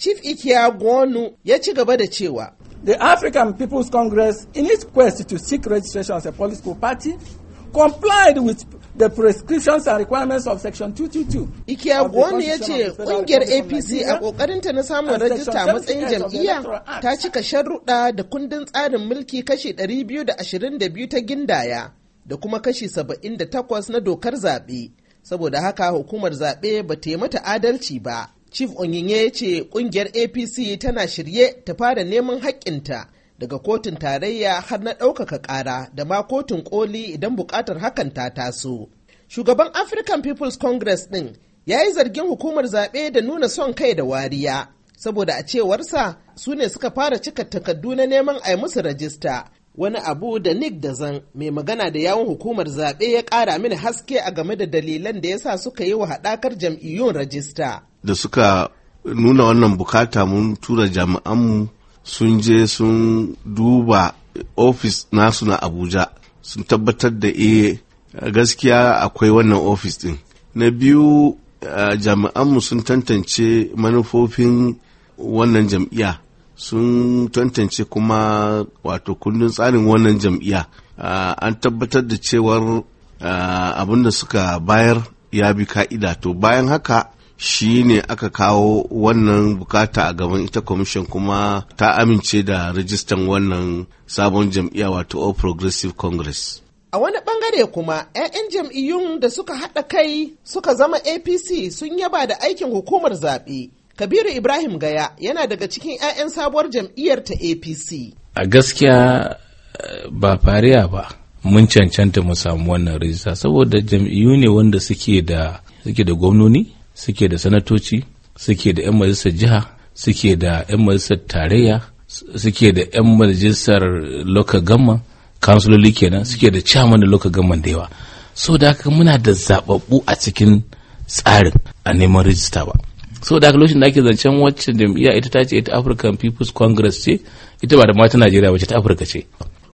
Chief Ikia Gonu ya ci gaba da cewa. The African People's Congress, in its quest to seek registration as a political party, complied with the prescriptions and requirements of section 222. Gwonu ya ce kungiyar APC a ta na samun rajista matsayin jam'iyya ta cika sharuɗa da kundin tsarin mulki kashi 222 ta gindaya da kuma kashi 78 na dokar zaɓe. Saboda haka hukumar zaɓe ba ta yi mata adalci ba. chief onyinye ya ce kungiyar apc tana shirye ta fara neman haƙƙinta daga kotun tarayya har na ɗaukaka ƙara da ma kotun koli idan buƙatar hakan ta taso shugaban african people's congress ɗin ya yi zargin hukumar zaɓe da nuna son kai da wariya saboda a cewarsa su ne suka fara cika takardu na neman a yi musu rajista wani abu da nick Zan, mai magana da yawon hukumar zaɓe ya ƙara mini haske a game da dalilan da ya sa suka yi wa haɗakar jam'iyyun rajista da suka nuna wannan bukata mun tura jami'anmu sun je sun duba ofis nasu na abuja sun tabbatar da e gaskiya akwai wannan ofis din na biyu jami'anmu sun tantance manufofin wannan jam'iyya sun tantance kuma wato kundin tsarin wannan jam'iyya an tabbatar da cewar abin da suka bayar ya bi ka'ida to bayan haka shi ne aka kawo wannan bukata a gaban ita kwamishin kuma ta amince da rajistan wannan sabon jam'iyya wato all progressive congress a wani bangare kuma 'ya'yan jam'iyyun da suka haɗa kai suka zama apc sun yaba da aikin hukumar zaɓe kabiru ibrahim gaya yana daga cikin 'ya'yan sabuwar jam'iyyar ta apc a gaskiya ba fariya ba mun cancanta mu samu wannan rajista saboda jam'iyyu ne wanda suke suke da gwamnoni suke da sanatoci suke da 'yan majalisar jiha suke da 'yan majalisar tarayya suke da 'yan majalisar local government kansuloli kenan suke da chairman da local government da yawa so da haka muna da zababbu a cikin tsarin a neman rijista ba so da haka lokacin da ake zancen wacce jam'iyya ita ta ce ita african people's congress ce ita ba da mata najeriya ba ce ta afirka ce